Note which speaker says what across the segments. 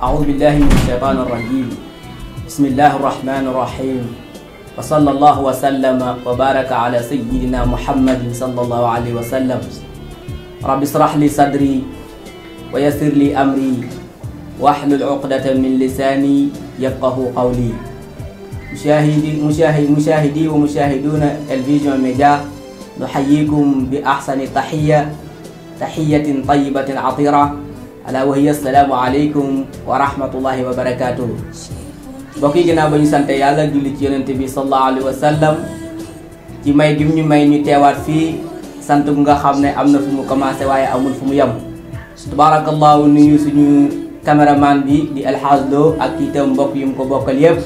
Speaker 1: أعوذ بالله من الشيطان الرجيم بسم الله الرحمن الرحيم وصلى الله وسلم وبارك على سيدنا محمد صلى الله عليه وسلم رب اشرح لي صدري ويسر لي أمري واحلل عقدة من لساني يفقه قولي مشاهدي مشاهدي مشاهدي ومشاهدون الفيديو ميديا نحييكم بأحسن تحية تحية طيبة عطيرة ألا وهي السلام عليكم ورحمة الله وبركاته بقي جنا بني سانتا يالا جولي تيون انتبي صلى الله عليه وسلم تي ماي جيم ني ماي ني تيوار في سانتا مغا خامنا في فمو كما سواي امون فمو يام تبارك الله نيو سنيو كاميرامان بي دي الحاج دو اك تي تام بوك يوم كو بوكال ييب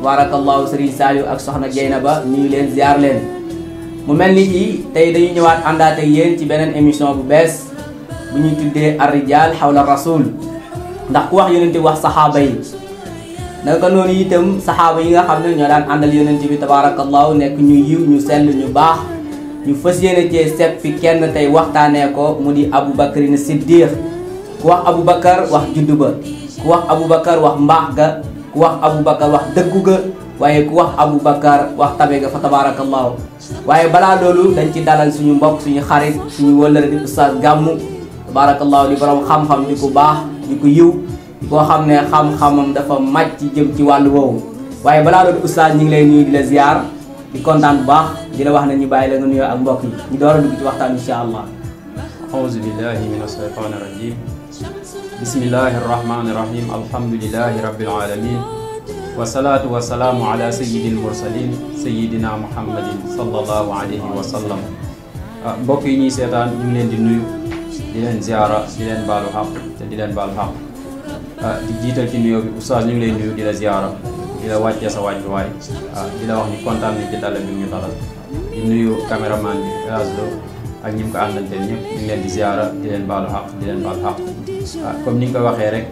Speaker 1: تبارك الله سري ساليو اك سخنا جينابا ني لين زيار لين مو ملني اي تاي دانيو نيوات اندات اك يين تي بنن ايميشن بو بيس bu ñuy tuddee arrijal rasul ndax ku wax yonente wax saxaaba yi naka noonu itam saxaaba yi nga xam ne ñoo daan àndal yonente bi tabarakallahu nekk ñu yiw ñu sell ñu baax ñu fas yéene cee seppi kenn tey waxtaanee ko mu di aboubacrine siddiq ku wax aboubacar wax juddu ba ku wax aboubacar wax mbaax ga ku wax aboubacar wax dëggu ga waaye ku wax aboubacar wax tabe ga fa tabarakallahu waaye balaa loolu dañ ci dalal suñu mbokk suñu xarit suñu di oustaz gamu barakallahu di borom xam xam diko bax diko yiw bo xamne xam xamam dafa majj ci jëm ci walu woow waye bala do oustad ñing lay nuyu di la ziar di contane bax di la wax na ñu bayila nga nuyu ak mbokk yi ñu dooro dug ci waxtaan inshallah
Speaker 2: a'udhu billahi minash shaitanir rajim bismillahirrahmanirrahim alhamdulillahi rabbil alamin wassalatu wassalamu ala sayyidil mursalin sayyidina muhammadin sallallahu alaihi wasallam ah, mbokk yi ñi sétane ñu leen di nuyu di leen ziara di leen baalu xaq te di leen baalu xaq ah, di jiital ci nuyoo bi oustaz ñu ngi lay nuyu di la ziara di la wàccee sa wàccu waay ah, di la wax ni kontaan ni ci dalal bi ñu dalal di nuyu caméraman bi Elhadji ak ñi mu ko àndanteel ñëpp ñu ngi leen di ziara di leen baalu xaq di leen baalu xaq ah, comme ni nga ko waxee rek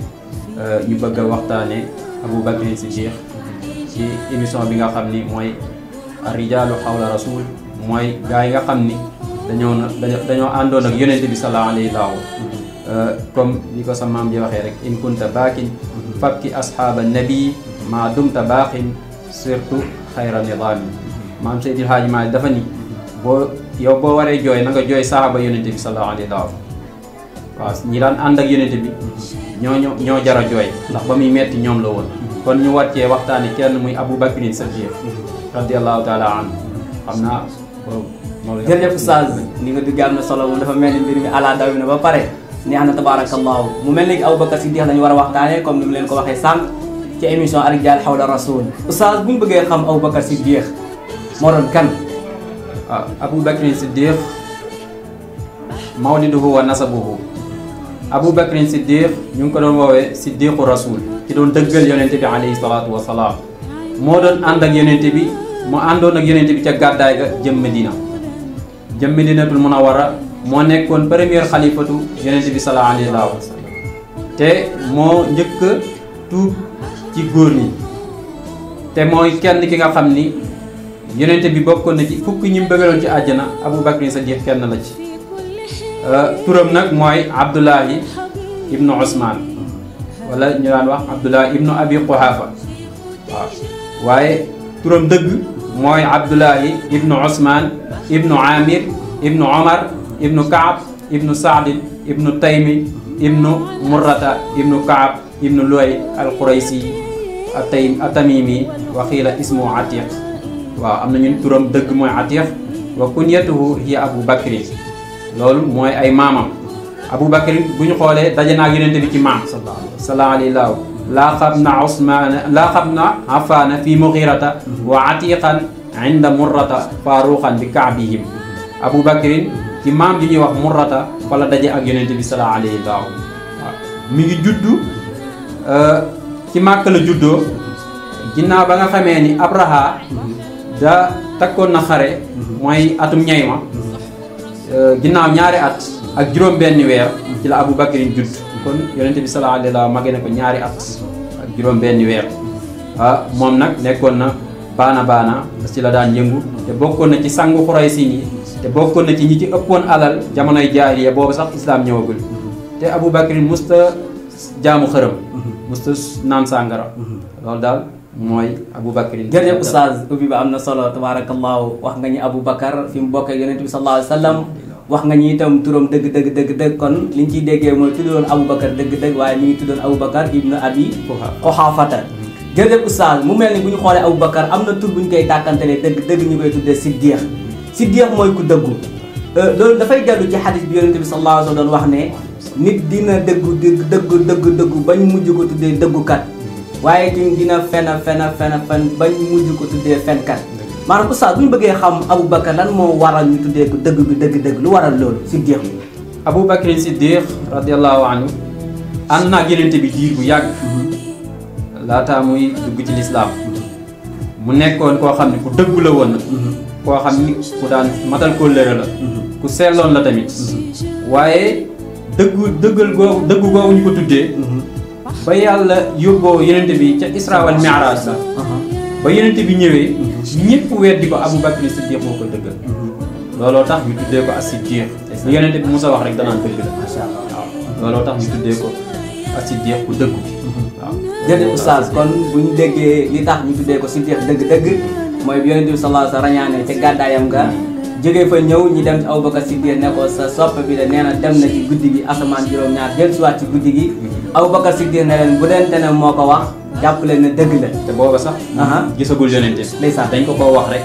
Speaker 2: ñu bëgg a waxtaane Abou Bakrin Siddiq ci émission bi nga xam ni mooy rijaalu xawla rasul mooy gaa yi nga xam ni dañoo dañoo àndoon ak yonent bi sallallahu alayhi wa sallam euh, comme ni ko sa maam ji waxee rek in kunta baakin fakki ashaaba nabi maa dumta baaxin surtout xayra nidaami maam Seydi El Hadji Malick dafa ni boo yow boo waree jooy na jooy saaba yonent bi sa alayhi wa sallam waaw ñi daan ànd ak yonent bi ñoo ñoo jara jooy ndax ba muy metti ñoom la woon kon ñu war cee waxtaani kenn muy Abu Bakrin Siddiq radiyallahu taala anhu xam naa jërëjëf oustaz ni nga dugg am na solo dafa
Speaker 1: melni mbir mi ala daw na ba paré neex na mu mel ni Aboubacar Siddiq lañu wara waxtane comme nim leen ko waxee sank ci émission Ar-Rijaal Hawla Rasul oustaz buñu ñu bëggee xam Aboubacar Siddiq
Speaker 2: mo ron kan waaw ah, Aboubacar Siddiq mawliduhu wa nasabuhu Aboubacar Siddiq ñu ko doon woowee Siddiqu Rasul ci doon deggal yonente bi alayhi salatu wa salam mo doon ànd ak yonente bi mu andon ak yonente bi ca gàddaay ga jëm Medina jëm Madinatul Munawwara moo nekkoon premier xalifatu yonent bi sallallahu alayhi wa sallam te moo njëkk a tuub ci góor ñi te mooy kenn ki nga xam ni yonent bi bokkoon na ci fukki ñi mu bëggaloon ci àjjana Abu Bakrin Sadiq kenn la ci euh, turam nag mooy Abdullahi ibnu Ousmane wala ñu daan wax Abdullahi ibnu Abi Quhafa waaw waaye turam dëgg mooy abdullah ibn osman ibn amir ibn omar ibn kaab ibn saadin ibn taymi ibn murrata ibn kaab ibnu luy alquraysi atay atamimi waxiila ismu atiq waaw am ñun turam dëgg mooy atiq wa kunyatuhu hiya abu bakrin loolu mooy ay maamam abu bakrin bu ñu xoolee daje naa yonente bi ci maam sallallahu alayhi wa sallam laaxam na Ousmane laaxam na Afaana fii Muxirata wa Atiqan inda Murrata Faaruqan bi kaabihim Abu Bakrin ci maam bi ñuy wax Murrata fa la daje ak yonent bi salaa alayhi waaw mi ngi juddu euh, ci Màkka la juddoo ginnaaw ba nga xamee ni Abraha da takkoon na xare mooy atum ñayma euh, ginnaaw ñaari at ak juróom benn weer ci la Abu Bakrin judd kon yonente bi sallallahu alayhi wa sallam ko ñaari at ak juróom benn weer ah moom nag nekkoon na baana baana ci la daan yëngu te bokkoon na ci sangu Quraysh yi te bokkoon na ci ñi ci ëppoon alal jamonoy jaahiliya boobu sax islaam ñëwagul te abu Aboubacar musta jaamu xërëm musta naan sàngara loolu daal mooy Aboubacry. jërëjëf oustaz ubbi ba am na
Speaker 1: solo tabaarakallaahu wax nga abu bakar fi mu bokk ak yonent bi sallallaahu alayhi wax nga ñi tam turum deug deug deug deug kon liñ ci déggé moy tuddoon Bakar deug deug waye ñi tuddoon Bakar ibnu abi quhafata jërëjëf oustaz mu melni buñ xolé Bakar amna tur buñ koy takantalé deug deug koy tuddé siddiq siddiq moy ku deggu eh, da fay delu ci hadith bi yaronte bi sallallahu alayhi wasallam wax né nit dina deggu deug deug deug bañ mujj ko tuddé deggu kat waye dina fena fena fena fan bañ mujj ko tuddé fen kat maanaam oustaz bu ñu bëggee xam Aboubacar lan moo waral ñu tuddee ko dëgg bi dëgg dëgg lu waral loolu Siddiq bi.
Speaker 2: Aboubacar Siddiq naa yenente bi diir bu yàgg. laataa muy dugg ci lislaam mu nekkoon koo xam ne ku dëggu la woon. koo xam ni ku daan matal kóllëre la. ku seeloon la tamit. waaye dëggu dëggal googu dëggu googu ñu ko tuddee. ba yàlla yóbboo yenente bi ca Isra wal la. ba yenente bi ñëwee. ñëpp weddi ko Abu Bakr Siddiq moo koy dëggal looloo tax ñu tuddee ko as-Siddiq lu iya, Yonent bi Musa wax rek danaan dëgg la waaw looloo tax ñu tuddee ko as-Siddiq ku dëggu
Speaker 1: waaw oustaz kon bu ñu déggee li tax ñu tuddee ko Siddiq dëgg-dëgg mooy bi Yonent bi sallallahu alayhi wa sallam rañaane ca gàddaayam nga jógee fa ñëw ñi dem ci Abubakar Siddiq ne ko sa sopp bi de nee na dem na ci guddi gi asamaan ñaar jël si waat ci guddi gi Abubakar Siddiq ne leen bu leen te ne wax jàpp leen ne dëgg la. te booba sax. gisagul yonente. ndeysaan dañ ko koo wax rek.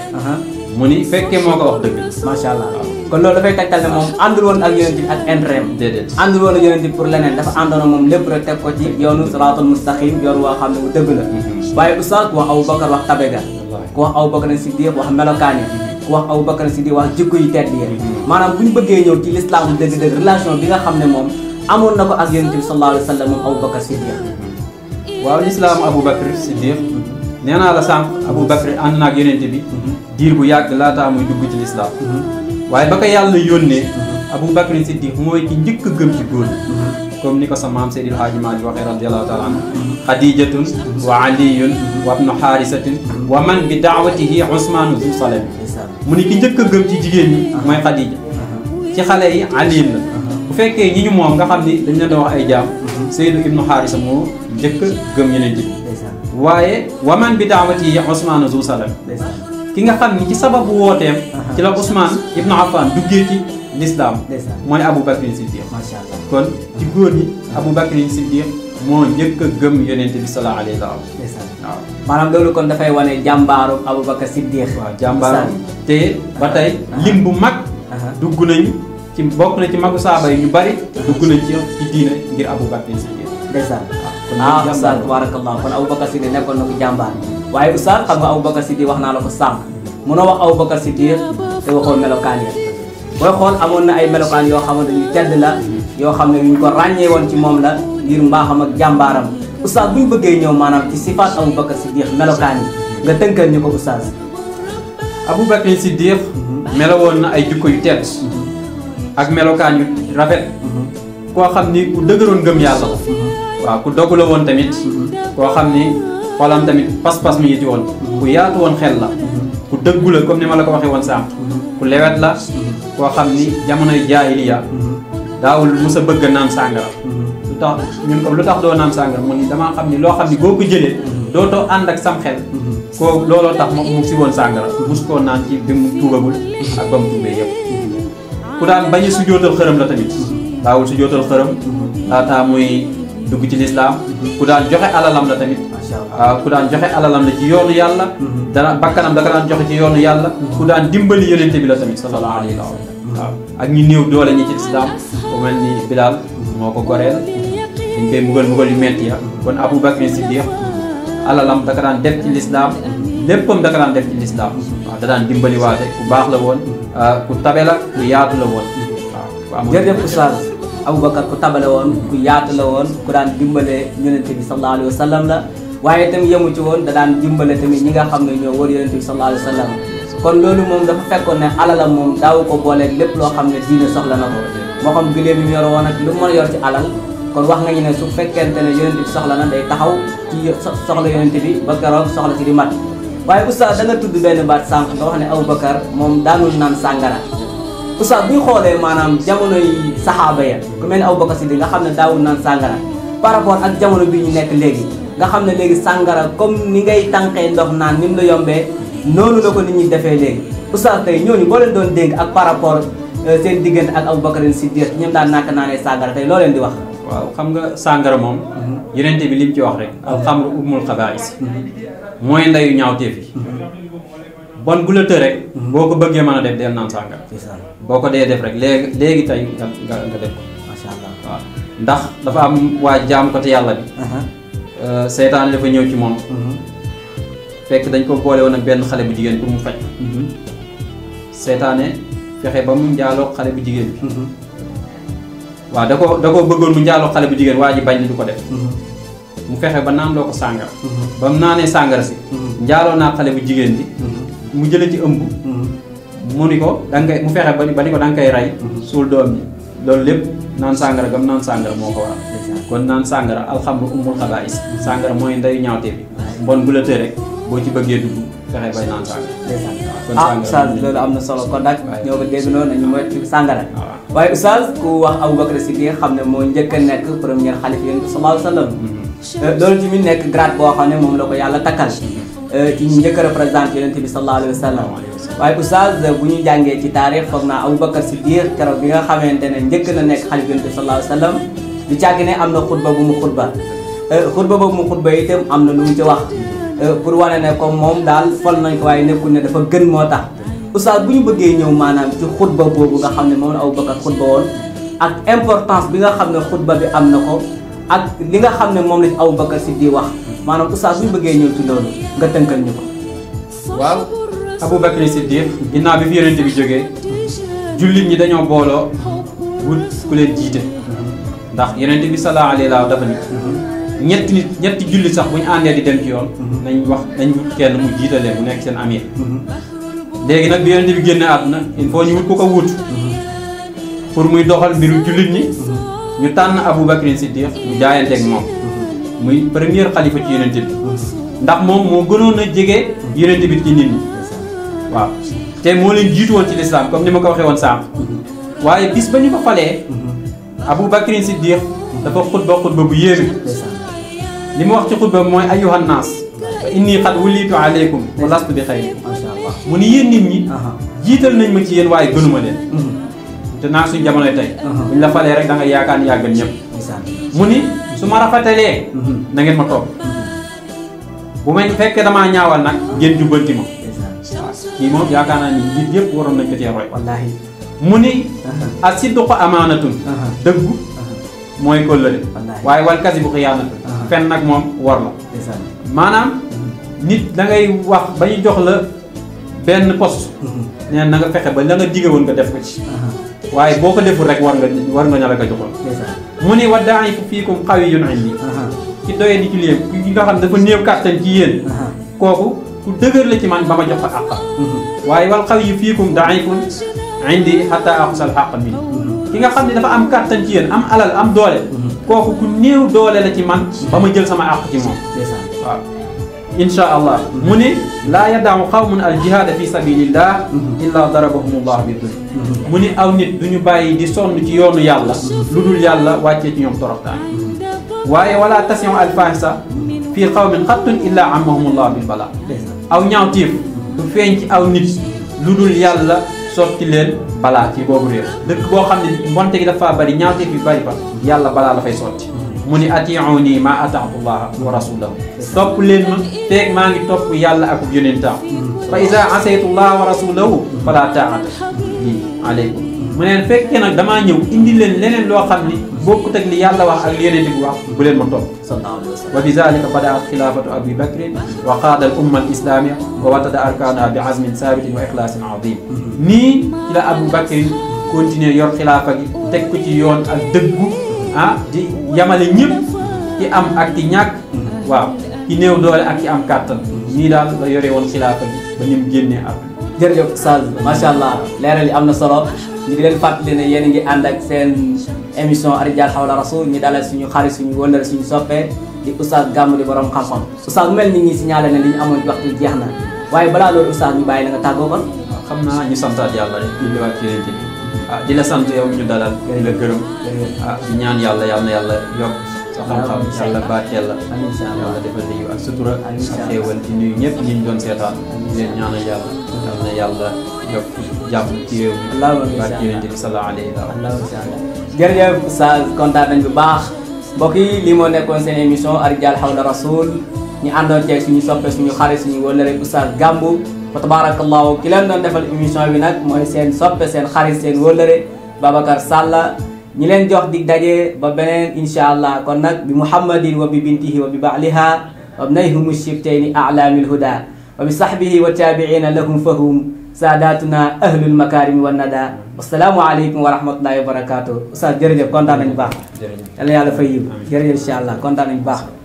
Speaker 1: mu ni fekkee moo ko wax dëgg. macha allah kon loolu dafay tegtal ne moom àndul woon ak yonente ak intérêt. déedéet àndul woon ak yonente pour leneen dafa àndoon ak moom lépp rek teg ko ci yoonu siraatul mustaqim yoonu waa xam ne bu dëgg la. Mhm. waaye oustaz ku wax Abu Bakar wax tabega. wax Abu Bakar Siddiq wax melokaan yi. Mhm. wax Abu Bakar si di tedd yi mhm. maanaam bu bëggee ñëw ci lislaam bu
Speaker 2: dëgg-dëgg relation bi nga xam ne moom amoon na ko ak yonent waaw lislaam Abu Bakr Siddiq nee naa la sànq Abu Bakr ànd naag yonente bi diir bu yàgg laataa muy dugg ci lislaam waaye ba ko yàlla yónnee Abu Bakr Siddiq mooy ki njëkk gëm ci góor comme ni ko sa maam Seydil Haaji Maalik waxee radiyallahu taala anhu xadijatun wa aliyun wa ibnu xaarisatin wa man bi daawatihi usmaanu zu salami mu ni ki njëkk gëm ci jigéen ñi mooy xadija ci xale yi la bu fekkee ñi ñu moom nga xam ni dañ leen doon wax ay jaam Seydou Ibnu Xaarisa moo njëkk gëm yeneen ji waaye waman bi daawati yi Ousmane Zou Salam ki nga xam ni ci sababu wootee ci la Ousmane Ibnu Affan duggee ci lislaam mooy Abu Bakrin Siddiq kon ci góor ñi Abu Bakrin Siddiq moo njëkk a gëm yonent bi salaa alayhi waaw maanaam loolu kon dafay wane jàmbaaru Aboubacar Siddiq waaw jàmbaaru te ba tey lim bu mag dugg nañu ci bokk na ci magu saaba yu ñu bari. dugg nañ ci ci diina ngir Aboubacar Siddiq. ndeysaan ah, ah oustaz
Speaker 1: tabarakallah kon Aboubacar Siddiq nekkoon na ko jàmbaar waaye oustaz xam nga Aboubacar Siddiq wax naa la ko sànq munoo wax Aboubacar Siddiq te waxoon melokaan ya booy xool amoon na ay melokaan yoo xamante ni tedd la yoo xam ne ñu ko ràññee woon ci moom la ngir mbaaxam ak jàmbaaram oustaz bu ñu bëggee ñëw maanaam ci sifaat Aboubacar Siddiq melokaan yi nga tënkal ñu ko oustaz.
Speaker 2: Aboubacar Siddiq melawoon na ay jukko yu tedd. ak melokaan yu rafet ko xamni ku dëgëroon gëm yalla wa ku dogu la tamit ko xamni xolam tamit pas-pas mi yiti won ku yaatu won xel la ku dëggu la comme ni ma la ko waxe won sam ku lewet la ko xamni jamono jaahiliya musa bëgg nan sangara lutax ñun ko lutax do doo sangara mo ni dama xamni lo xamni goku ni boo ko ak sam xel ko lolo tax mu ci won sangara musko koo naan ci bimu tuugul ak bam tuube tuubee ku daan bañ a sujjóotal xërëm la tamit daawul sujjóotal xërëm laata muy dugg ci lislaam ku daan joxe alalam la tamit waaw ku daan joxe alalam la ci yoonu yàlla mhm. dana bakkanam da ka daan joxe ci yoonu yàlla ku daan dimbali yonente bi la tamit sallallahu alayhi wa sallam mhm. waaw ak ñu néew doole ñi ci lislaam ku mel ni Bilaal moo ko goreel dañ koy mbugal mbugal yu metti ya kon Abu Bakr Siddiq alalam da ka daan def ci lislaam léppam da ka daan def ci lislaam waaw da daan dimbaliwaate ku baax la woon ah, ku tabe la ku yaatu la woon waaw
Speaker 1: jërëjëf oustaz Aboubacar ku tabale woon ku yaatu la woon ku daan dimbale yonent bi sallallahu alayhi wa sallam la waaye itam yemu ci woon da daan dimbale tamit ñi nga xam ne ñoo wër yonent bi sallallahu alayhi wa sallam kon loolu moom dafa fekkoon ne alalam moom daawu ko booleeg lépp loo xam ne diine soxla na ko moo xam gileem yi mu yor woon ak lu mu a yor ci alal kon wax nga ñu ne su fekkente ne yonent bi soxla na day taxaw ci soxla yonent bi ba keroog soxla si di mat waaye oustaz da nga tudd benn baat sànq nga wax ne Aboubacar moom daanul naan sàngara oustaz bu ñu xoolee maanaam jamonoy saxaaba ya ku mel ne Aboubacar Siddiq nga xam ne daawul naan sàngara par rapport ak jamono bi ñu nekk léegi nga xam ne léegi sàngara comme ni ngay tànqee ndox naan ni mu la yombee noonu la ko nit ñi defee léegi oustaz tey ñooñu boo leen doon dénk ak par rapport euh, seen diggante ak Aboubacar Siddiq
Speaker 2: ñoom daan naka naanee sàngara tey loo leen di wax waaw xam nga sangara moom mhm. yenente bi lim ci wax rek alxamru umul xabaais mhm. mooy ndeyu ñaawteef yi mhm. bon bu la të rek boo ko bëggee mën a def del naan sàngara boo ko dee def rek léegi léegi tey nga nga def ko macha allah ndax dafa am waa jaam ko te yàlla bi euh, seytaane dafa ñëw ci moom fekk dañ ko boole woon ak benn xale bu jigéen pour mu faj seytaane fexe ba mu njaaloo xale bu jigéen bi wa da ko da ko bëggoon mu njaaloo xale bu jigen waji bañ du ko def mhm. mu fexé ba naan loo ko sàngara mhm. ba mu naanee sàngara si mhm. njaaloo na xale bu jigen di mu jele ci ëmb mu ni ko da nga mu fexé ba ni ko da nga ray sul dom ni lol lepp nan naan gam nan sàngara moko wa kon nan sàngara alhamdu umul khabais sàngara moy ndey ñawte bi bon bu la rek bo ci bëggee du fexé bay nan sàngara
Speaker 1: ah sa lol amna solo kon nag ñoo ko dégg ñu nañu ci sàngara waaye oustaz ku wax Aboubacar Siddiq xam ne moo njëkk a nekk premier xalif yonent bi sallallahu alayhi wa sallam mhm. euh, loolu nekk grade boo xam ne moom la ko yàlla takkal euh, ci ñu njëkk a représenté yonent bi sallallahu alayhi wa sallam waaye oustaz bu ñu jàngee ci taarix foog naa Aboubacar Siddiq keroog bi nga xamante ne njëkk na nekk xalif yonent bi sallallahu alayhi wa sallam du càgg ne am na xutba bu mu xutba euh, xutba boobu mu xutba itam am na lu mu ci wax pour wane ne comme moom daal fol nañ ko waaye nekkul ne dafa gën moo tax oustaz buñu bëggé ñëw manam ci khutba bobu nga xamné mo aw bëgg khutba won ak importance bi nga xamné khutba bi am nako ak li nga xamné mom moom lañ aw bëgg ci di
Speaker 2: wax manam oustaz buñu bëggé ñëw ci loolu nga tënkal ñuko waaw waaw Aboubacar Siddiq ginnaaw bi fi yonent bi joggé jullit ñi dañoo booloo wut ku leen jité ndax yonent bi sallallahu alayhi wa dafa ni ñetti nit ñetti jullit sax bu andé di dem ci yoon mhm. nañ wax nañ wut kenn mu jiitalee mu nekk seen amir mhm. léegi nag bi yonent bi génne àdduna il faut ñu wut ku ko wut pour muy doxal mbiru jullit ñi ñu tànn Abu Bakrin Siddiq ñu jaayante moom muy première xalifa ci yonent bi ndax moom moo gënoon a jege yonent bi ci nit ñi waaw te moo leen jiitu woon ci lislaam comme ni ma ko waxee woon sànq waaye bis ba ñu ko falee Abu Bakrin Siddiq dafa xutba xutba bu yéeme li mu wax ci xutba mooy ayyuhan naas inni qad wullitu aleykum wa lastu bi xayri mu ni yéen nit ñi jiital nañ ma ci yéen waaye gënuma leen te naa suñ jamono tey buñ la falee rek da nga yaakaar ni yaa gën mu ni su ma rafetalee nangeen ngeen ma toog bu may fekkee damaa ñaawal nag ngeen jubbanti ma waaw kii moom yaakaar naa ni njiit yëpp waroon nañ ko cee roy wallaahi mu ni asidqu amaanatun dëggu mooy kóllëre waaye wal kasi bu xiyaanatun fen nag moom war la maanaam nit da wax ba ñu jox la benn post nee na nga fexe ba la nga dige woon nga def ko ci. waaye boo ko deful rek war nga war nga ñala ko joxoon. mu ni wa daañu fii comme xaw yi yu nañ nii. ci doyee di ci léegi ki nga xam dafa néew kàttan ci yéen. kooku ku dëgër la ci man ba ma jox ko àq. waaye wal xaw yi fii comme daañu ko indi xataa axusal xaq mi ki nga xam ne dafa am kàttan ci yéen am alal am doole. kooku ku néew doole la ci man. ba ma jël sama àq ci moom. waaw. insha allah mu ne laa yadaamu xawmun al jihaada fi sabilillah illaa darabahum allah bi dul mu ne aw nit du ñu bàyyi di sonn ci yoonu yàlla lu dul yàlla wàccee ci ñoom toroxtaan waaye wala tasiu alfahisa fii xawmin xattun illaa amahum allah bil bala aw ñaawtiif du feeñ ci aw nit lu dul yàlla sotti leen balaa ci boobu réew dëkk boo xam ne mbonte gi dafa bari ñaawtiif yu bari fa yàlla balaa la fay sotti mu ni atii'uunii maa ataatu llaaha wa rasuulahu topp leen ma feeg maa ngi topp yàlla ak yonentam fa izaa asaytu llaaha wa rasuulahu falaa taa'ata lii aleykum mu neen fekkee nag damaa ñëw indi leen leneen loo xam ni bokkut ak li yàlla wax ak li yonent bi wax bu leen ma topp sallallahu alayhi wa sallam wa bi zalika badaat xilaafatu abi bakrin wa qaada al umma al islamia wa watada arkaana bi azmin saabitin wa ixlaasin azim nii ci la abu bakrin continuer yor xilaafa gi teg ko ci yoon ak dëggu ah di yamale ñëpp ki am ak ti ñak waaw ki neew doole ak ki am kàttan ni dal la yore won khilafa bi ba ñu génnee ak
Speaker 1: jërëjëf ma sha allah leral yi amna solo ñi di len fàttali ne yeen ngi and ak seen émission ar Hawla Rasul ñi dalal suñu xarit suñu wonal suñu soppé di oustad gamu di borom xam-xam mel ni ñi signalé ne li ñu amoon waxtu jeexna waye bala balaa oustad ñu bàyyi la nga tagoban
Speaker 2: xamna waaw ñu santaat yàlla rek ñu ci ah di sant yow ñu dalal di la gërëm ah di ñaan yàlla yàlla na yàlla yokk sa xam-xam yàlla barkeel la yàlla defal la yiw ak sutura ak xéewal di nuyu ñëpp ñi ñu doon seetaan di leen ñaanal yàlla yàlla na yàlla yokk jàmm ci réew mi barke yonent bi sallallahu alayhi wa sallam
Speaker 1: jërëjëf Oustaz kontaan nañ bu baax mbokk yi lii moo nekkoon seen émission Ar Rijaal Hawla Rasoul ñu àndoon ceeg suñu soppe suñu xarit suñu wëllëre Oustaz تبارك الله كلام دون دفع الإميشن بينك مهسين سب سين خارج سين ولر بابا كرسالة نيلن جوخ ديك داجي بابنين إن شاء الله كونك بمحمد وببنته وببعلها وبنيهم الشبتين أعلام الهدى وبصحبه وتابعين لهم فهم ساداتنا أهل المكارم والندى والسلام عليكم ورحمة الله وبركاته أستاذ جرجب كونتا نباح جرجب الله يالفايب جرجب إن شاء الله كونتا نباح